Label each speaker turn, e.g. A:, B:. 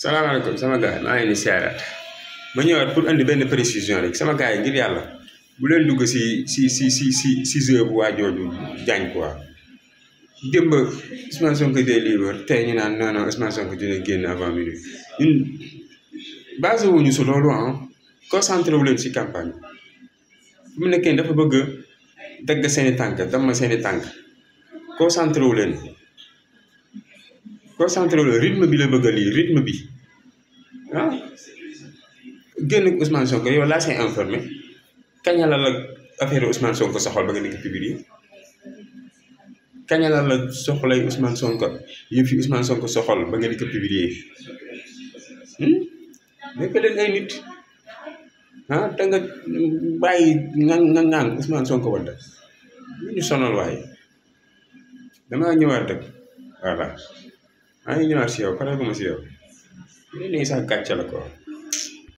A: salaamaaleykum sama gars yi maa ngi leen di ma ñëwaat pour andi benn précision rek sama gars yi ngir yàlla bu leen dugg si si si si si si jeu bu waa jooju jaañ quoi. démb Ousmane Sonko dee libre tey ñu naan non non Ousmane Sonko dina génn avant minuit ñun wuñu si loolu ah concentré wu leen si campagne mu nekkee dafa bëgg dagg seen tànk damm seen i tànk concentré wu leen. concentré le rythme bi la bëgg a lii rythme bi ah génn Ousmane Sonko yow laa say informé kañ la la affaire Ousmane Sonko soxal ba nga nekk publier kañ la la soxlay Ousmane Sonko yëf fi Ousmane Sonko soxal ba nga nekk publier nekk leen ay nit ah te nga bàyyi nga nga ngaan Ousmane Sonko wante ñu sonal waaye
B: damaa ñëwaat rek voilà. maa ngi ñëwaat si yow pareeguma si yow lii nii sax gàcce la ko